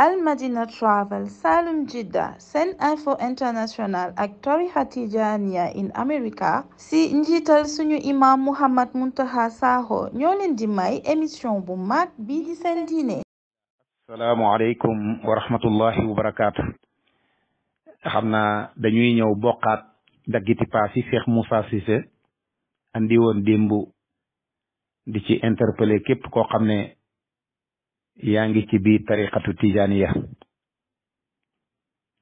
Al Madina Travel Salum Jidda SeneInfo International ak tarixa Tijaaniya in America si njiital suñu imam Muhammad Muntaqa Sakho ñoo leen di may émission bu mag bii di seen diine asalaamu aleykum wa wa barakaatu xam dañuy ñëw bokkaat daggiti paas yi Cheikh Moussa Cissé andi di ci interpellé képp koo xam ne yaa ngi ci biir tariqatu tijaniya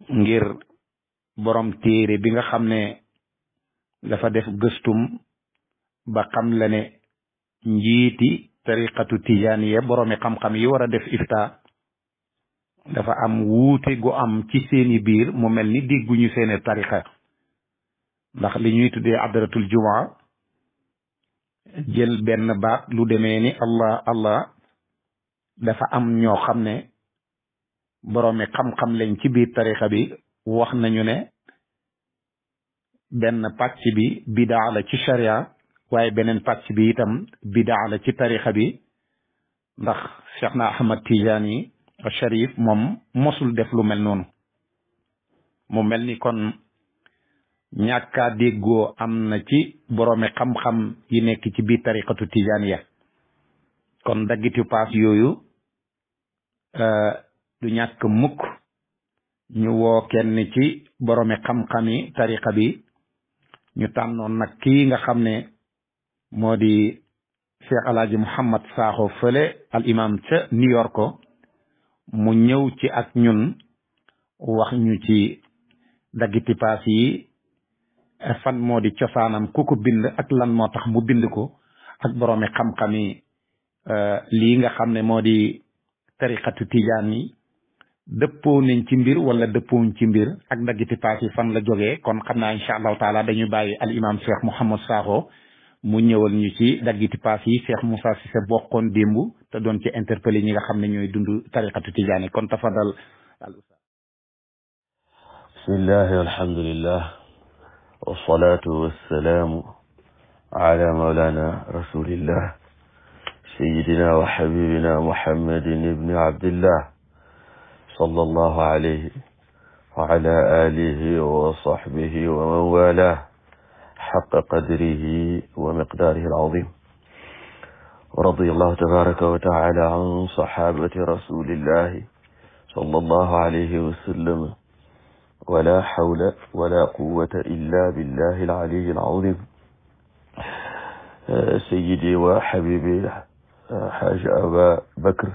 ngir borom téere bi nga xam ne dafa def gëstum ba xam la ne njiiti tariqatu tijaniya boroomi xam-xam yi war a def ifta dafa am wuute gu am ci seeni biir mu mel ni dégguñu seeni tariqa ndax li ñuy tuddee adratul jumaa jël benn baat lu deme ni allah allah dafa am ñoo xam ne boroomi xam-xam lañ ci biir tarixa bi wax nañu ne benn pàcc bi bidaa ci sharia waaye beneen pàcc bi itam bidaa la ci tarixa bi ndax Cheikh na Ahmad Tijaani Sharif moom mosul def lu mel noonu mu mel ni kon ñàkkaa déggoo am na ci boroomi xam-xam yi nekk ci biir tariqatu Tijaaniya kon daggitu paas yooyu du ñàkk mukk ñu woo kenn ci boroomi xam-xami tariqa bi ñu tànnoon nag kii nga xam ne moo di cheikh alaaji Mouhammad Sakho fële al imam ca New York ko mu ñëw ci ak ñun wax ñu ci daggiti paas yi fan moo di cosaanam ku ko bind ak lan moo tax mu bind ko ak boroomi xam-xami euh, li nga xam ne moo di tariqatu tijaan yi dëppoo nañ ci mbir wala dëppooñ ci mbir ak daggiti paas yi fan la jógee kon xam naa incha allahu taala dañuy bàyyi al imam cheikh mouhamad Sakho mu ñëwal ñu ci daggiti paas yi cheikh Moussa Cissé bokkoon démb te doon ci interpellé ñi nga xam ne ñooy dund tariqatu tijaan yi kon tafadal al ustaz bismillahi alhamdulillah wasalaatu wasalaamu ala maulana rasulillah sayyidina wa xabibina muhammadin ibni abdillah sallallahu alayhi wa ala alihi wa sahbihi wa man walah xaqa qadrihi wa miqdaarihi al-azim wa radiyallahu tabaraka wa taala an saxaabati rasulillahi sallallahu alayhi wa sallam wala xawla wala quwwata illa billahi al-aliyyi al-azim sayyidi wa xabibi xaaja aba bakr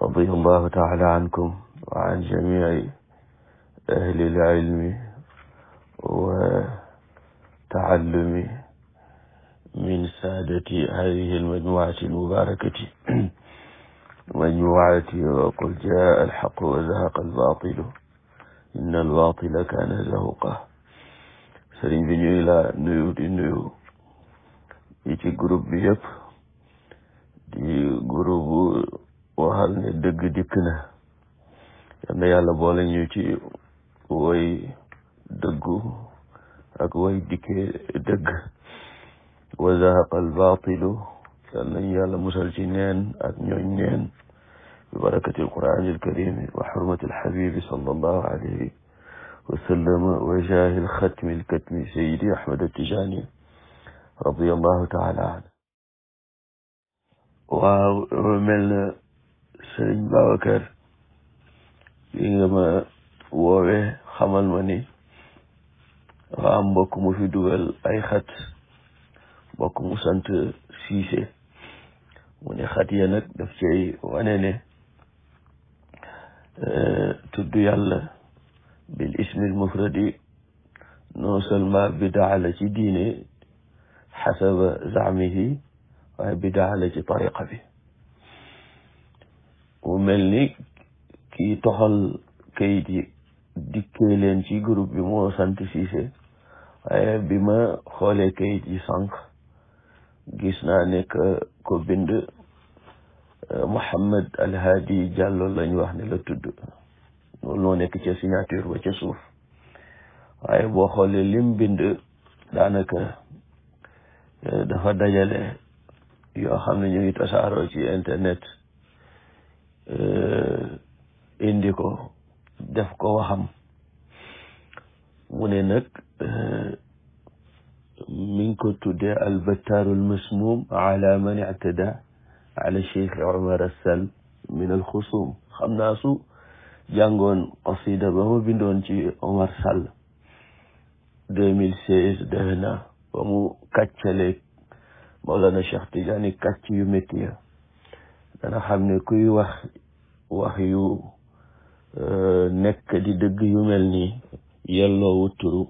radiyallahu taala ankum wa an jamici ahlil ilmi wa taallumi min saadati hadihi almajmuati almubarakati majmuati wa qul jaa alxaqu wa zahaqa albatilu inna albatila kaana zahuqa sëriñ bi ñuy la nuyu di nuyu yi ci groupe bi yëpp gurubu waxal ne dëgg dikk na yal na yàlla boole ñu ci woy dëggu ak woy dikkee dëgg wa zahaqa al baatilu yal nañ yàlla musal ci neen ak ñooñ neen bi barakati al quraan al karim wa xurmati al xabibi sallallahu alayhi wa sallama wa jaahi al xatmi al katmi sayidi ahmad al tijani radiallahu taala anhu waaw mel na sëriñ Babacar li woowe xamal ma ni dafa am fi dugal ay xat mbokk mu sant Siise mu ne xat ya nag daf cay wane ne e, tudd yàlla bil ismil mufradi non seulement bidaa la ci diine xasaba zaamihi waaye bidaa la ci tariqa bi mu mel ni ki toxal kayit yi dikkee leen ci groupe bi moo sant Cissé waaye bi ma xoolee kayit yi sànq gis naa ne ko bind euh, Mouhamed Alhaadi Diallo lañ wax ne la tudd loolu moo nekk ca signature ba ca suuf waaye boo xoolee lim bind daanaka euh, dafa dajale yoo xam ne ñu ngi tasaaroo ci internet eh, indi ko def ko waxam mu ne nag eh, mi ngi ko tuddee albattaarul masmuum ala man ictada ala cheikh omar assal min alxusum xam naa su jàngoon qasida ba mu bindoon ci omar sall deux mille seize defe na ba mu kàccaleeg Mawlana Cheikh Tidiane kàcc yu metti ya dana xam ni kuy wax wax yu euh, nekk di dëgg yu mel nii yelloowu turu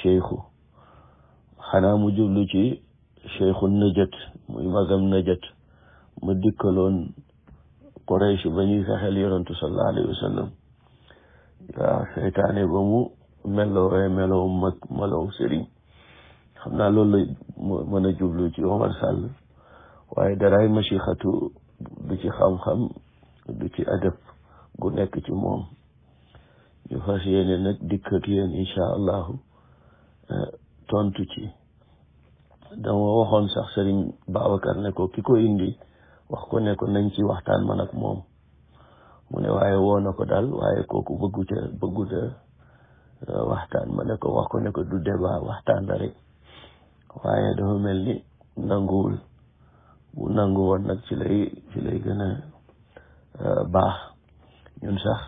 cheikhu xanaa mu jublu ci cheikhu najat muy magam najat mu dikkaloon Quraysh ba ñuy fexeel yonantu sallallahu alayhi wa sallam ba mu melowee melow mag melow sëriñ xam naa loolu la mën a jublu ci Omar Sall waaye daraay masixatu du ci xam-xam du ci adab gu nekk ci moom ñu fas yéene nag dikk ak yéen incha allahu eh, tontu ci dama waxoon sax sëriñ Babacar ne ko ki ko indi wax ko ne ko nañ ci waxtaan man ak moom mu ne waaye woo na ko daal waaye kooku bëggu ca eh, waxtaan ma ne ko wax ko ne ko du débat waxtaan la rek waaye dafa mel ni nanguwul bu nangu woon nag ci lay lay gën a euh, baax ñun sax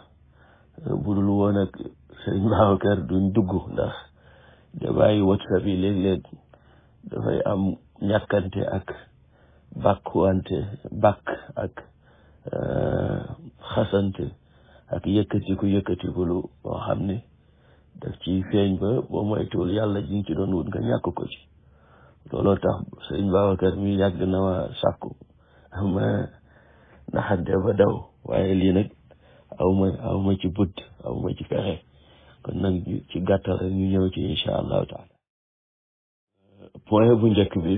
euh, budul woon ak sëriñ Babacar duñ dugg ndax dafay WhatsApp yi léeg-léeg dafay am ñàkkante ak bàkkuwante bàkk ak euh, xasante ak yëkkatiku yëkkatiku lu boo xam ne daf ci feeñ ba boo moytuwul yàlla ji nga ci doon wut nga ñàkk ko ci looloo tax sëñ Babacar mi yàgg na ma sàkku ma naxante ba daw waaye lii nag aw ma ci budd aw ci pexe kon nag ci gàttal rek ñu ñëw ci incha allahu taala point bu njëkk bi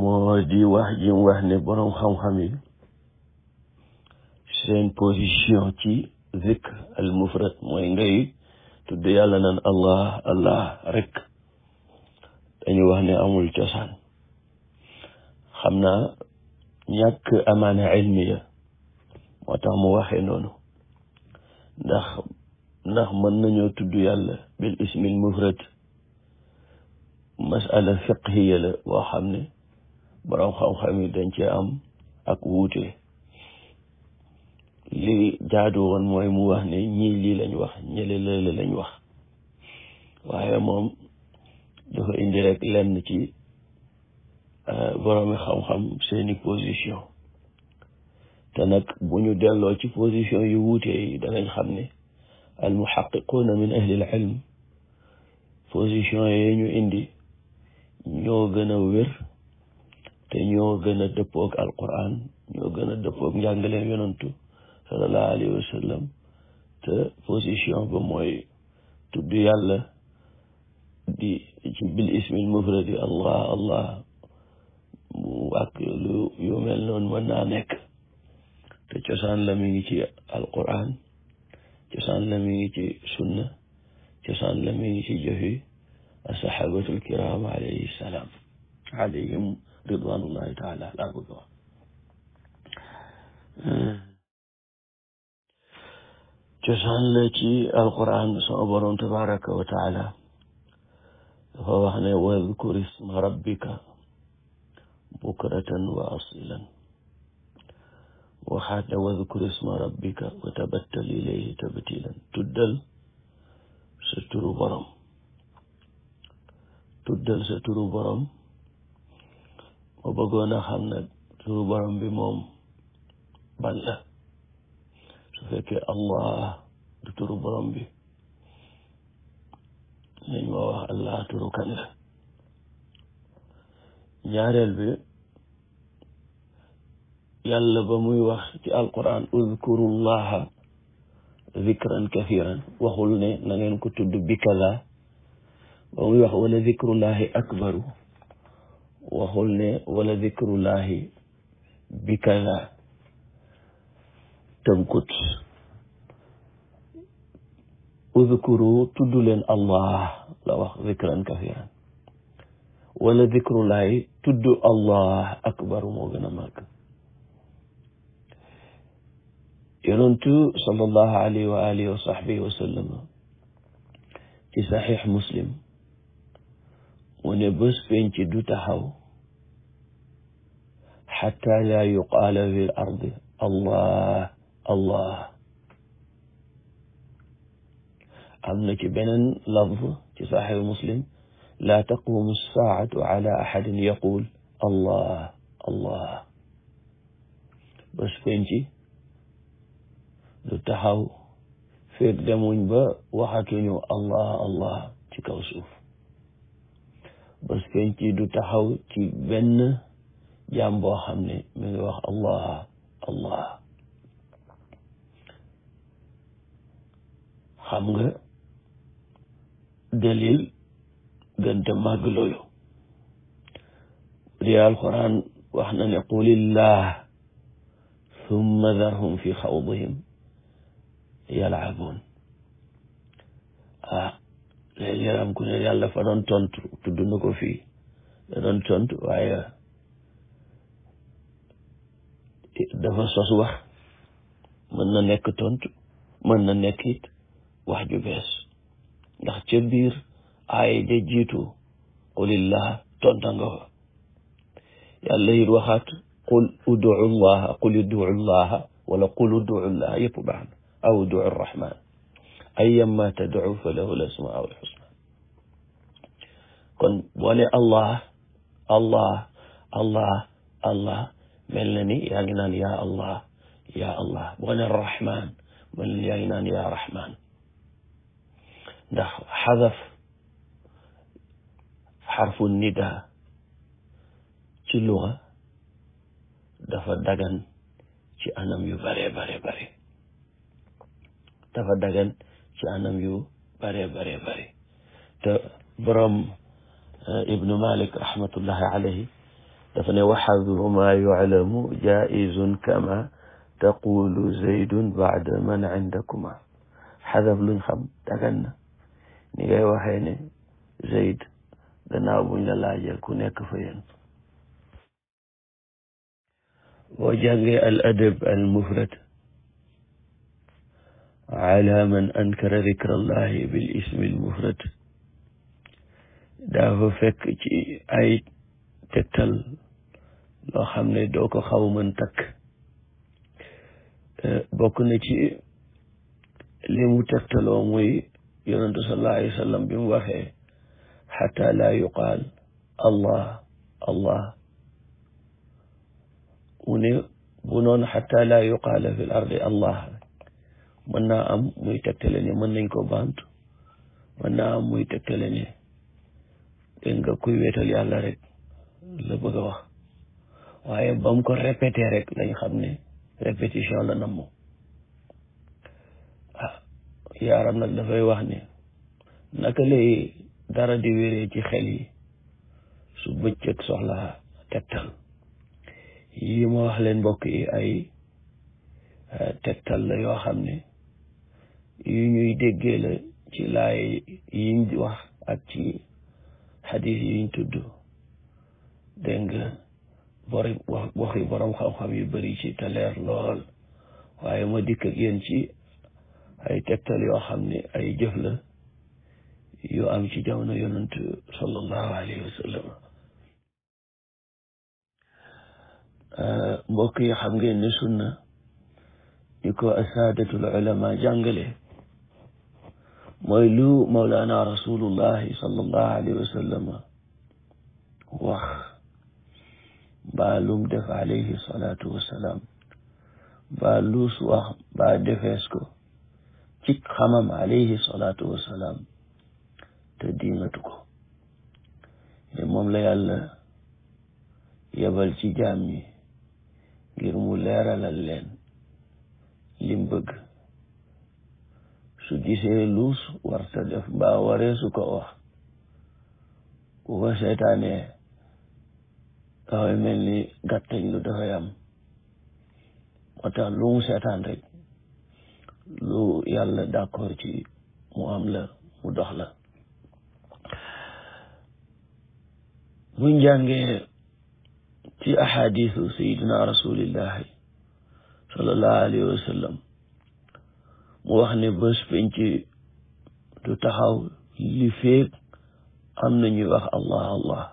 moo di wax ji wax ne boroom xam-xam yi seen position ci zikr al mooy ngay tudd yàlla naan allah allah rek dañuy wax ni amul cosaan xam naa ñàkk amaana ilmiya moo tax mu waxe noonu ndax ndax mën nañoo tudd yàlla bil ismil mufrad masala fiqhiya la boo xam ne boroom xam-xam yi dañ cee am ak wuute li jaadu mooy mu wax ne ñii lii lañ wax ñële lële lañ wax waaye moom dafa indi rek lenn ci euh, boroomi xam-xam seeni position te nag bu ñu delloo ci position yu wuute yi danañ xam ne al muhaqiquuna min ahli al ilm position yi ñu indi ñoo gën a wér te ñoo gën a dëppook alquran ñoo gën a dëppook njàngaleen yonantu sallallahu alayhi wa sallam position ba mooy tudd yàlla di bil ismil mufradi allah allah ak lu yu mel noonu mën naa nekk te cosaan la mi ngi ci alquran cosaan la mi ngi ci sunna cosaan la mi ngi ci jëfi asahabatul kiram alayhi salaam alayhim ridwanullahi taala laa bëgg wax cosaan la ci alquran sama borom tabaraka wa taala dafa wax ne wadkur isma rabbika bukratan wa asilan waxaat ne wadkur isma rabbika wa tabattal ilayhi tabtilan tuddal sa turu borom tuddal sa turu borom ma bëggoon a xam nag turu borom bi moom ban la su fekkee allah du turu borom bi dañ ma wax allah turu kan la bi yàlla ba muy wax ci alquran uzkurullaha zikran kathiran waxul ne na ngeen bi kaza ba muy wax wala zikrullahi akbaru waxul ne wala zikrullahi bi kaza tënkut uzkuru tudd leen allah la wax zikran kathiran wala zikrulaay tudd allah akbar moo gën a màgg yonentu sallallahu alayhi wa alihi wa sahbihi wa sallam ci saxiix muslim mu ne bés penc du taxaw xatta laa yuqaala fi l ardi allah allah am na ci beneen lafz ci saxiix muslim laa taqumu saacatu ala allah allah bés penci du taxaw feeg demuñ ba waxatuñu allah allah ci kaw suuf bés du taxaw ci benn jaam xam ne mi wax allah allah xam nga dalil gënte màgg loolu di alquran wax na ne qulillah summa darhum fi xawdihim yalaabun ah léegi yaram ku ne yàlla fa doon tontu tudd na ko sos wax mën na nekk tontu mën na nekk wax ju bees ndax ca biir aay ja jiitu qulillah tonta nga fa yàlla it waxaat qul udu llaha qul udu llaha wala qul udu llaha yëpp baax na aw udu rrahman ayyama tad'u fa lahu l-asmaa'u l-husna kon boo ne allah allah allah allah mel na ni yaa ngi naan yaa allah yaa allah boo ne rahman mel na ni yaa ngi naan yaa rahman ndax xadaf xarfu nida ci luxa dafa dagan ci anam yu bare bare bare dafa dagan ci anam yu bare bare bare te borom eh, ibnu malik rahmatullahi alayhi dafa ne waxadu ma yuclamu jaizun kama taqulu zaydun bacda man cindakuma xadaf luñ xam dagan na ni ngay waxee ne Zayd gannaaw buñ la laajee ku nekk fa yéen boo jàngee al adab al mufrad ala man ankara ci ay tegtal loo xam ne doo ko xaw mën takk eh, bokk na ci li muy yonentu sallallahu alayhi wa sallam bi mu waxee xata laa yuqaal allah allah mu ne bu noon xata laa fi l allah mën naa am muy tegtale ne mën nañ ko baamtu mën am muy tegtale ne dégg nga kuy weetal yàlla rek la bëgg a wax waaye ko répété rek lañ xam ne répétition la namm yaaram nag dafay wax ni naka lay dara di wéree ci xel yi su bëccëg soxla tegtal yi ma wax leen mbokk yi ay eh, tegtal la yoo xam ne yu ñuy déggee la ci laay yiñ wax ak ci xadis yiñ tudd dégg nga bori wax borom xam-xam yu bari ci te leer lool waaye ma dikk ak yéen ci ay tegtal yoo xam ne ay jëf la yu am ci jamono yonent sallallahu alayhi wa sallam euh, mbokk yi xam ngeen ne sunna di ko asaadatul ulama jàngale mooy lu mawlaana rasulullahi sallallahu alayhi wa sallam wax baalum def alayhi salaatu wassalaam baa luus wax baa defees ko cig xamam alayhi salaatu wasalaam te dingatu ko moom la yàlla yebal ci jaam mi ngir mu leeralal leen lim bëgg su gisee luus warta def mbaa waree su ko wax bu ko seetaanee mel ni gàttañ lu dafay am moo tax seetaan rek lu yàlla d'accord ci mu am la mu dox la buñ jàngee ci ahadisu sayidina rasulillahi sallallahu alayhi wa sallam mu wax ne bës penc du taxaw li feeg am na ñuy wax allah allah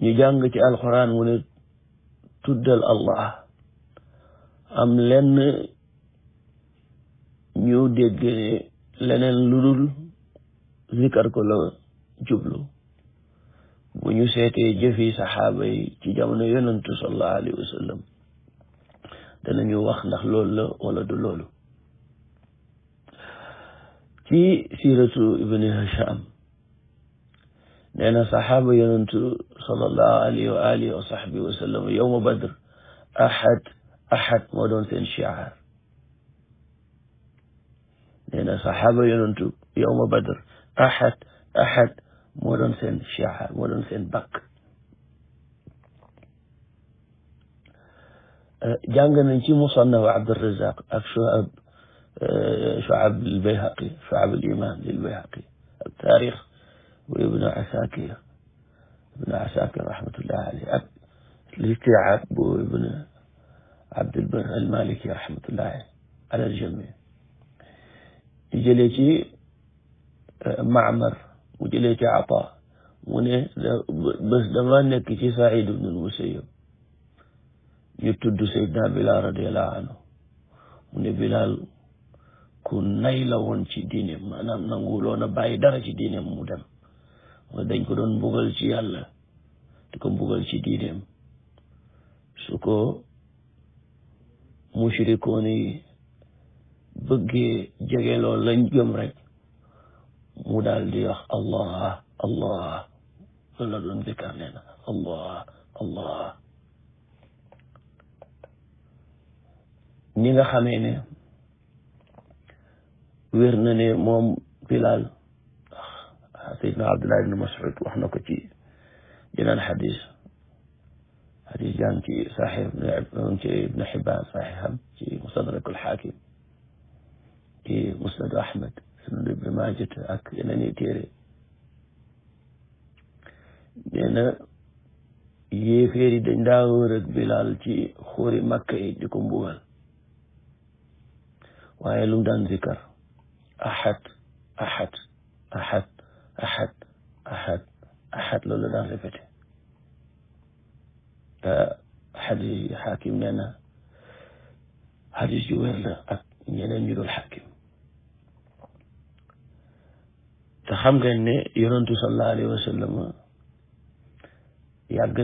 ñu jàng ci alquran mu ne tuddal allah am lenn ñu dégg leneen lu dul zikar ko la jublu bu ñu seetee jëfi saxaaba yi ci jamono yonantu sallallahu alayhi wa sallam danañu wax ndax loolu la wala du loolu ci siiratu ibni hisham nee na saxaaba yonantu sallallahu alayhi wa alihi wa sahbihi wa yowma badr ahad ahad moo doon seen chiar nee na saxaaba yonantu yowma badr ahad ahad moo doon seen chiar moo doon seen bakk jàng nañ ci musannaf abdurazaq ak shuab shuab albayhaqi shuab aliman lilbayhaqi ak taarix bu ibnu asakir ibnu asakir rahmatullah alayh ak listiaab bu ibnu Abdul Bar al-Maliki rahmatullahi al-jami ñu jëlee ci e, Maamar mu jëlee ci Ata mu ne bés dama nekk ci Saïd ibn al-Musayyib ñu tudd Seydina Bilal radiyallahu anhu mu ne Bilal ku nay la woon ci diineem maanaam nanguloon a bàyyi dara ci diineem mu dem mooy dañ ko doon mbugal ci yàlla di ko mbugal ci diineem su ko mushrikoon yi bëggee jege loolu lañ gëm rek mu daal di wax allah allah loolu la doon zikkar nee na allah allah ni nga xamee ne wér na ne moom Bilaal Seydina Abdullah ibn Mas'ud wax na ko ci jeneen xadis xadis yaa ngi ci saxix ci ibne xiban saxixam ci mustadrak alxaakim ci musnadu ahmad sunanu ibne majat ak yeneen i téere nee na yéeféer yi dañ daa wër ak bilaal ci xóori makka yi di ko mbugal waaye lu mu daan zikar ahad ahad ahad ahad loolu daan répété xadi xaakim nee na xadis ju wér la ak ñeneen xaakim te xam ngeen ne yonentu sallallahu alayhi wa sallam yàgg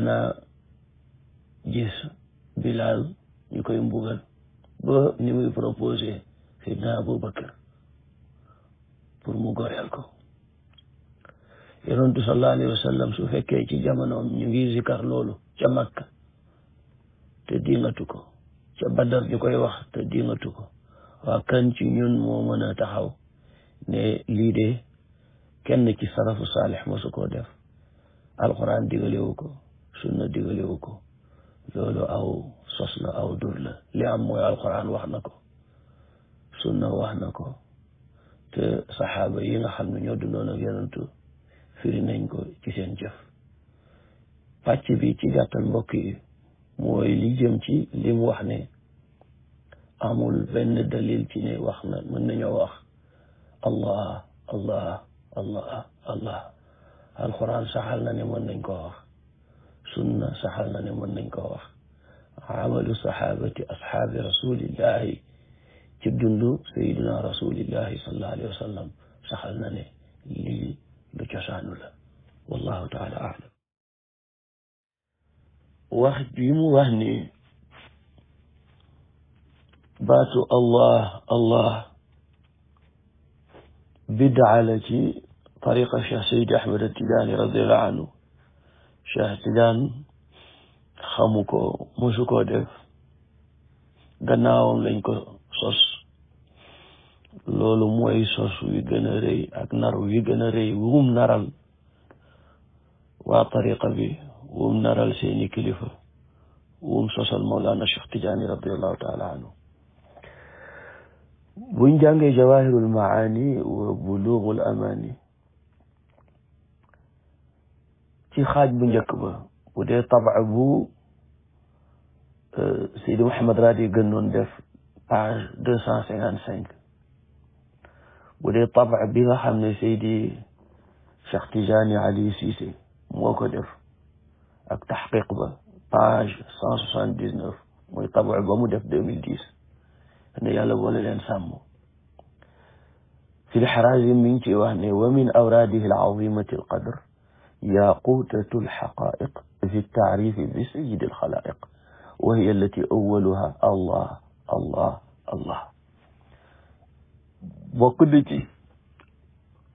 Bilaal ñu koy mbugal ba ni muy proposé Seydina Aboubacar pour mu goreel ko yonentu sallallahu alayhi wa su fekkee ci jamonoom ñu ngi zikar loolu ca Makka te dingatu ko ca Badar ñu koy wax te dingatu ko waa kan ci ñun moo mën a taxaw ne lii de kenn ci salafu saalix mosu koo def alquran digalewu ko sunna digalewu ko loolu aw sos aw dur la li am mooy alquran wax na ko sunna wax na ko te saxaaba yi nga xam ne ñoo dundoon ak yonantu firi nañ ko ci seen jëf pàcc bi ci gàttal mbokk yi mooy li jëm ci li mu wax ne amul benn dalil ci ne wax na mën nañoo wax allah allah allah allah alquran saxal na ne mën nañ koo wax sunna saxal na ne mën nañ koo wax amalu saxaabati asxaabi rasulillahi ci dundu sayidina rasulillahi sallallahu alayhi wa sallam saxal na ne lii lu cosaanu la wallahu taala alam wax yi mu wax ni baatu allah allah bidaa la ci tariqa cheikh sayid ahmed tijaani radiallahu anhu cheikh tijaan xamu ko mosu koo def gannaawam lañ ko sos loolu mooy sos wi gën a rëy ak nar wi gën a rëy wu mu naral waa tariqa bi wum naral seeni kilifa wum sosal Mawlana Cheikh Tijaani radiallahu taala anhu buñ jàngee jawahirul maani wa bulughul amani ci xaaj bu njëkk ba bu dee bu Seydi Mouhamed Raadi gënnoon def page deux cent cinq bi nga ne Seydi Cheikh Tijaani Ali Cissé moo def ak taxqiq ba page cent soixante dix neuf muy tabax ba mu def deux mille dix ne yàlla boole leen sàmm fi lxarazi mi ngi ciy wax ne wa min awraadihi alazimati alqadr yaqutatu alxaqaiq fi ltaarifi bi sayidi alxalaiq wa hiya allati awaluha allah allah allah bokk na ci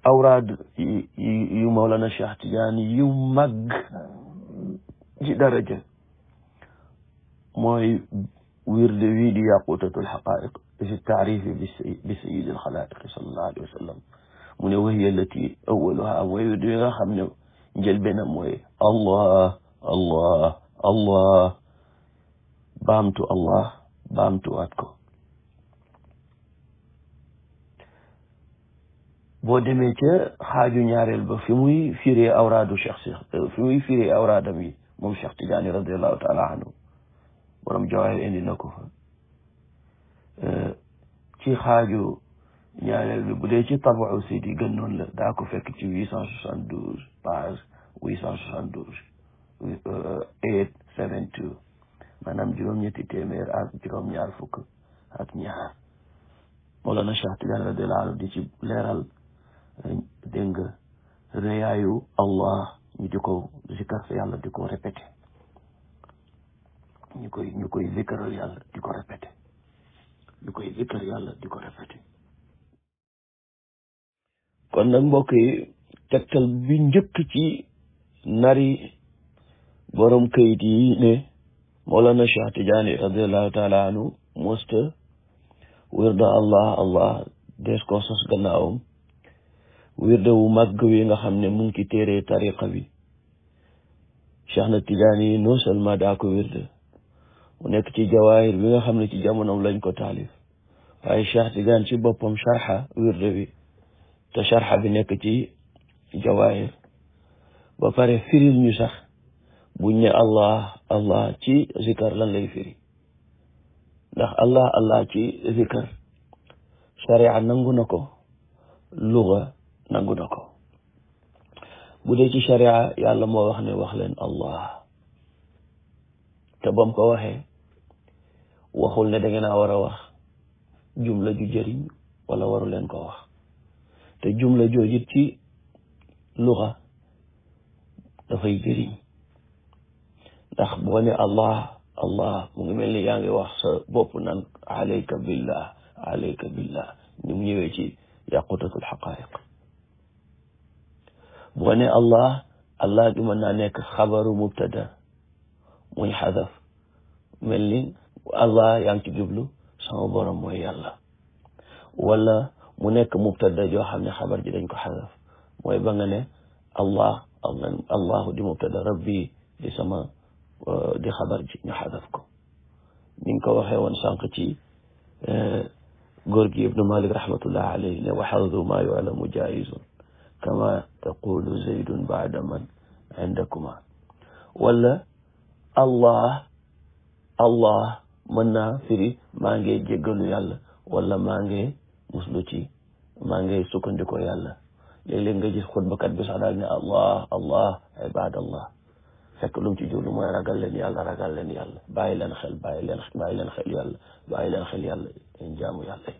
awraad yu Mawlana Cheikh Tidiane yu mag ji daraja mooy wirde wii di yaqutatul xaqaiq fi taarifi bi sayid alxalaiq sallallahu alayhi wa sallam mu ne wahiya allati awaluha mooy wirde wi nga xam ne njëlbeenam mooy allah allah allah baamtu allah baamtuwaat ko boo demee ca xaaju ñaareel ba fi muy firee awraadu cheikh fi muy firee awraadam yi moom Cheikh Tidiane radiallahu taala anhu borom jawaahir na ko fa euh, ci xaaju ñaareel bi bu dee ci tabaxu sidi gën noonu la daa fekk ci huit cent soixante douze page huit cent soixante douze euh, eight seven two maanaam juróom-ñetti téeméer ak juróom-ñaar fukk ak ñaar Mawlana Cheikh Tidiane radiallahu anhu di ci leeral euh, dégg nga réyaayu Allah ñu di ko zikkar yàlla di ko répété ñu koy ñu yàlla di ko répété ñu koy zikkar yàlla di ko répété kon nag mbokk yi tegtal bi njëkk ci nari borom kayit yi ne Mawlana Cheikh Tidiane radiallahu taala anhu mosta allah allah des ko sos gannaawam wirde wu màgg wi nga xam ne mu ngi ci téere tariqa bi Cheikh na Tijaani non seulement daa ko wirde mu nekk ci jawaahir bi nga xam ne ci jamonoom lañ ko taalif waaye Cheikh Tidiane ci boppam sharxa wirde bi te sharxa bi nekk ci jawaahir ba pare firil ñu sax buñ ne allah allah ci zikar lan lay firi ndax allah allah ci zikar sharia nangu na ko luga nangu na ko bu dee ci sharia yàlla moo wax ne wax leen allah te bam ko waxee waxul ne da ngeen war a wax jumla ju jëriñ wala waru leen ko wax te jumla joojit ci luxa dafay jëriñ ndax boo ne allah allah mu ngi mel ni yaa ngi wax sa bopp naan alayka billah alayka billah ni mu ñëwee ci yàqutatul xaqaayiq boo ne allah allah bi mën naa nekk xabaru mubtada muy xadaf mel ni allah yaa ngi ci jublu sama borom mooy yàlla wala mu nekk mubtada joo xam ne xabar ji dañ ko xadaf mooy ba nga ne allah allahu di mubtada rabbi di sama euh, di xabar ji ñu xadaf ko ni nga ko waxee woon sànq ci euh, góor gi ibnu malik rahmatullah alayhi ne waxadu maa yualamu jaizun kama taqulu zaydun baada man indakuma wala allah allah mën naa firi maa ngi jéggalu yàlla wala maa ngi muslu ci maa ngi sukkandikoo yàlla léeg-léeg nga gis xutbakat bi sax daal ne allah allah ibadallah fekk lu mu ci jublu mooy ragal leen yàlla ragal leen yàlla bàyyi leen xel bàyyi leen bàyyi leen xel yàlla bàyyi leen xel yàlla jaamu yàlla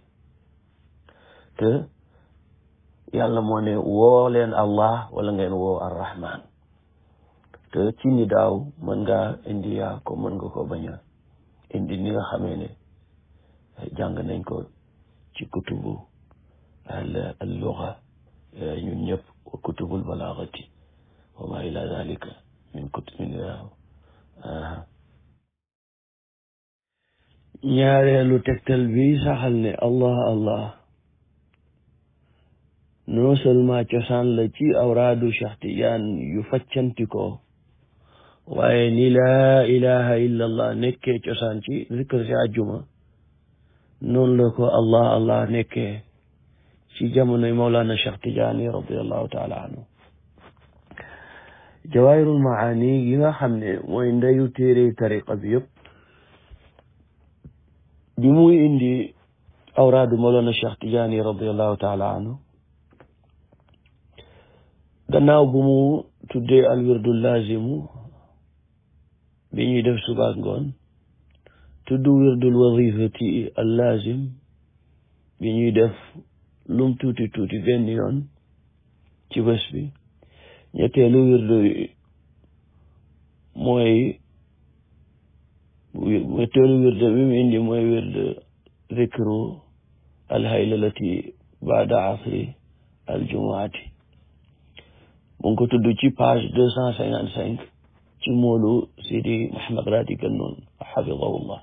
yàlla moo ne woo leen allah wala ngeen woo arrahman te ci ni daaw mën nga indi yaa ko mën nga ko bañ a indi ni nga xamee ne eh, jàng nañ ko ci kutubu al lugha eh, ñun ñëpp wa kutubul balaghati wa ma ila min kutub ah, ah. ñaareelu tegtal bi saxal ne allah allah non seulement cosaan la ci awraadu Cheikh yu faccantikoo waaye ni laa ilaha illa allah nekkee cosaan ci zikr ci àjjuma noonu la ko allah allah nekkee ci jamonoy Mawlana Cheikh Tidiane radiallahu taala anhu jawaahirul maani yi nga xam ne mooy ndeyu téere tariqa bi yëpp bi muy indi awraadu Mawlana Cheikh Tidiane radiallahu taala anhu gannaaw bu mu tuddee alwirdu laazimu bi ñuy def subaak ngoon tudd wirdul wazifati bi ñuy def lum tuuti tuuti benn yoon ci bés bi ñetteelu wirdu mooy ñetteelu wirdu bi mu indi mooy wirdu zikru alhaylalati baada asri aljumuati mu ko tudd ci page deux cent cinquante cinq ci moolu Sidi Mouhamed Raadi Gannoon xafidahullah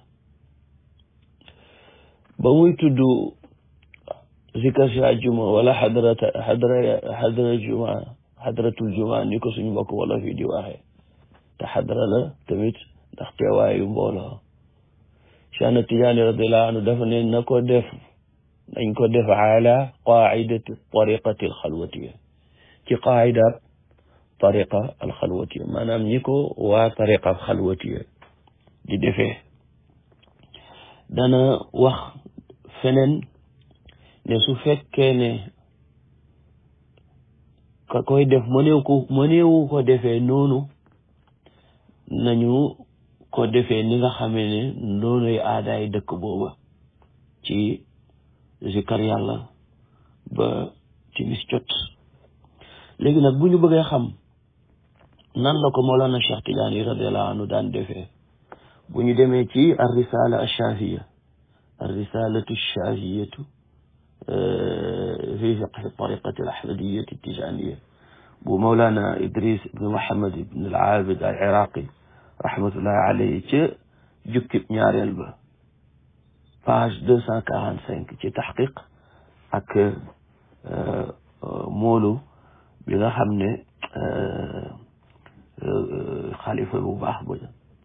ba muy tudd zikar si àjjuma wala xadrata xadra xadra juma juma ni ko suñu mbokk wala fii di waxee te xadra la tamit ndax teewaayu mbooloo Cheikh Tijaani radiallahu anhu dafa ne na ko def nañ ko def ala qaidati tariqati alxalwatiya ci qaida tariqa alxalwatiya maanaam ñi ko waa tariqa alxalwatiya di defee dana wax feneen ne su fekkee ne ka koy def mëneewu ko defee noonu nañu ko defee ni nga xamee ne noonu ay aadaay dëkk booba ci zikar yàlla ba timis jot léegi nag bu ñu bëggee xam nan la ko Mawlana Cheikh Tidiane radiyallahu anhu daan defee bu ñu demee ci ar-risala ash-shafiya ar-risalatu ash-shafiyatu euh, fi fiqh tariqati al-ahmadiyyati at-tijaniyya bu Mawlana Idris ibn Muhammad ibn al-Abid al-Iraqi rahmatullahi alayhi ca jukkib ñaareel ba page deux cent quarante cinq ci taxqiq ak euh, euh, moolu bi nga xam ne xalifa bu baax ba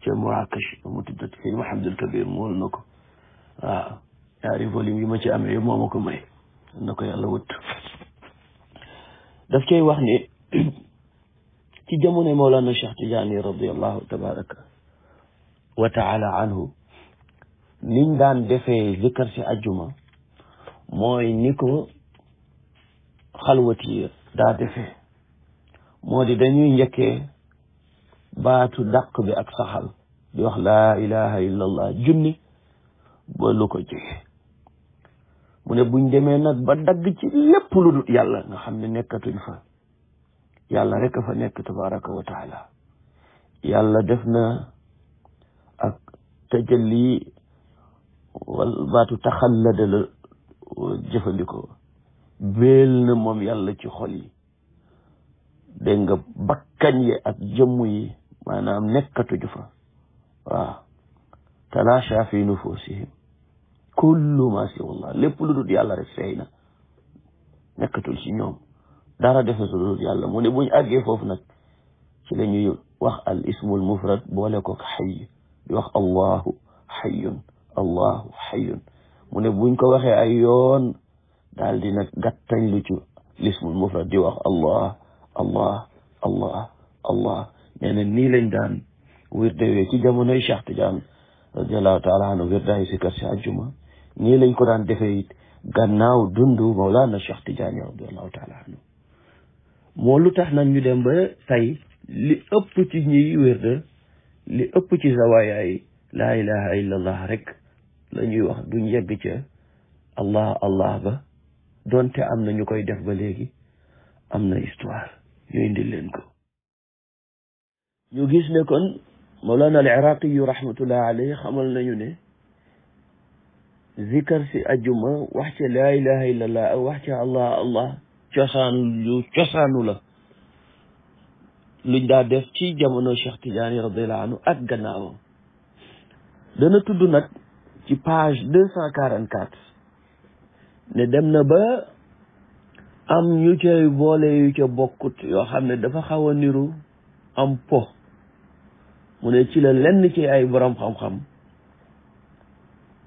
ca Marrakech mu tudd sëñ Mouhamadul Kabir mu wol na ko waaw ñaari volume ma ci amee yëpp moo ma ko may na ko yàlla wut daf cay wax ni ci jamono Mawlana Cheikh Tidiane radiallahu tabaraka wa taala anhu niñ daan defee zikkar si ajuma mooy ni ko xalwati daa defee moo di baatu dàq bi ak saxal di wax laa ilaha illa junni ba lu ko jege mu ne buñ demee nag ba dagg ci lépp lu yàlla nga xam ne nekkatuñ fa yàlla rek fa nekk tabaraka wa taala yàlla def na ak tajalli wal baatu taxallada la jëfandikoo béel na moom yàlla ci xol yi dégg nga bakkan yi ak jëmm yi maanaam nekkatuñu fa waaw talaasha fi nufuusihim kullu ma siwallah lépp lu dul yàlla rek seey na nekkatul si ñoom dara defatul lu dul yàlla mu ne buñ àggee foofu nag ci la ñuy wax al ismul boole ko xay di wax buñ ko waxee ay yoon daal di nag lu ci lismul mufrad di wax allah allah allah allah nee na nii lañ daan wirdewee ci jamonoy Cheikh Tidiane radiallahu taala anhu wirdaay si kër si àjjuma nii lañ ko daan defee gannaaw dundu Mawlana Cheikh Tidiane radiallahu taala anhu moo lu tax nag ñu dem ba tey li ëpp ci ñiy wérde li ëpp ci zawaaya yi laa ilaha rek la ñuy wax duñ yegg ca allah allah ba donte am na ñu koy def ba léegi am na histoire ñu indi leen ko yu gis ne kon Mawlana al Iraqi yu rahmatullah alayhi xamal nañu ne zikar si ajuma wax ca laa ilaha illallah ak wax allah allah cosaanu la luñ daa def ci jamono Cheikh Tidiane radiyallahu anhu ak gannaawam dana tudd nag ci page deux cent quarante quatre ne dem na ba am ñu cay boole yu ca bokkut yoo xam ne dafa xaw a niru am po mu ne ci la lenn ci ay borom xam-xam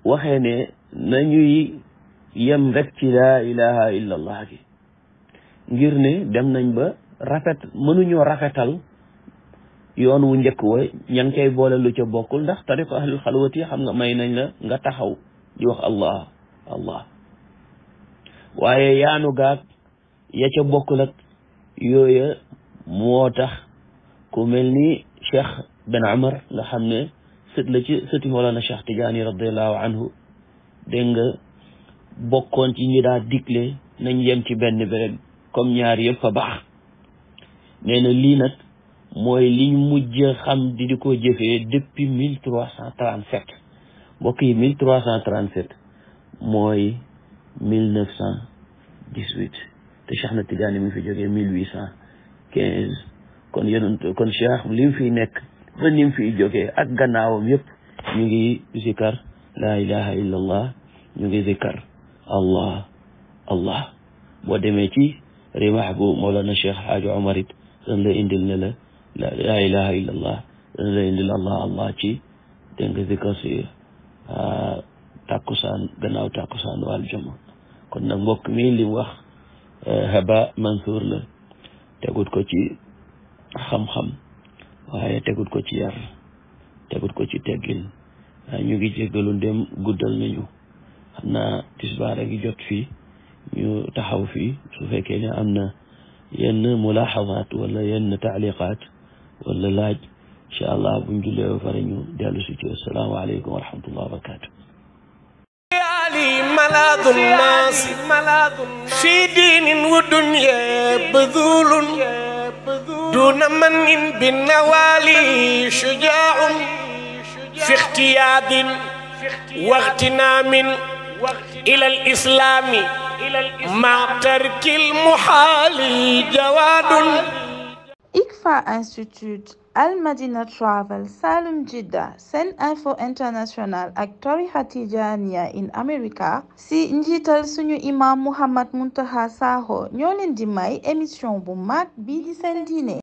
waxee ne nañuy yem rekk ci laa ilaha illa allah gi ngir ne dem nañ ba rafet mënuñoo rafetal yoon wu njëkk wa ña ngi boole lu ca bokkul ndax tariqa ahlul xalwati xam nga may nañ la nga taxaw di wax allah allah waaye yaanu gaag ya ca bokkul ak yooya moo tax ku mel ni cheikh ben Amar nga xam ne sët la ci sëti Mawlana Cheikh Tidiane radiallahu anhu dégg nga bokkoon ci ñu daa digle nañ yem ci benn béréb comme ñaar yëpp fa baax nee na lii nag mooy liñ mujj xam di di ko jëfee depuis mille trois cent trente sept mbokk yi mooy mille neuf cent dix huit te Cheikh na Tidiane mi fi jógee mille huit cent quinze kon yonent kon Cheikh li mu fi nekk ba ni fi jógee ak gannaawam yëpp ñu ngi zikar laa ilaha illa allah ñu ngi zikar allah allah boo demee ci rimaax bu Mawlana Cheikh Hadj Omar it dana la la laa ilaha illa allah ah, kon nag mbokk mi li wax eh, haba mansour la tegut ko ci xam-xam waaye tegut ko ci yar tegut ko ci teggin ñu ngi jéggalu ndem guddal nañu xam naa tisbaar a jot fi ñu taxaw fii su fekkee ne am na yenn mulaaxadaat wala yenn taaliqaat wala laaj incha allah buñ jullee ba pare ñu dellu si ci assalaamu aleykum wa rahmatullah wa barakaatu دون من بالنوالي شجاع في اختياد واغتنام إلى الإسلام مع ترك المحال جواد ICFA Institute Al Madina Travel Salum Jidda Sen Info International ak tarixa Tijaaniya in America si njiital suñu imam Mouhammad Muntaqa Sakho ñoo di may émission bu mag bi di seen diine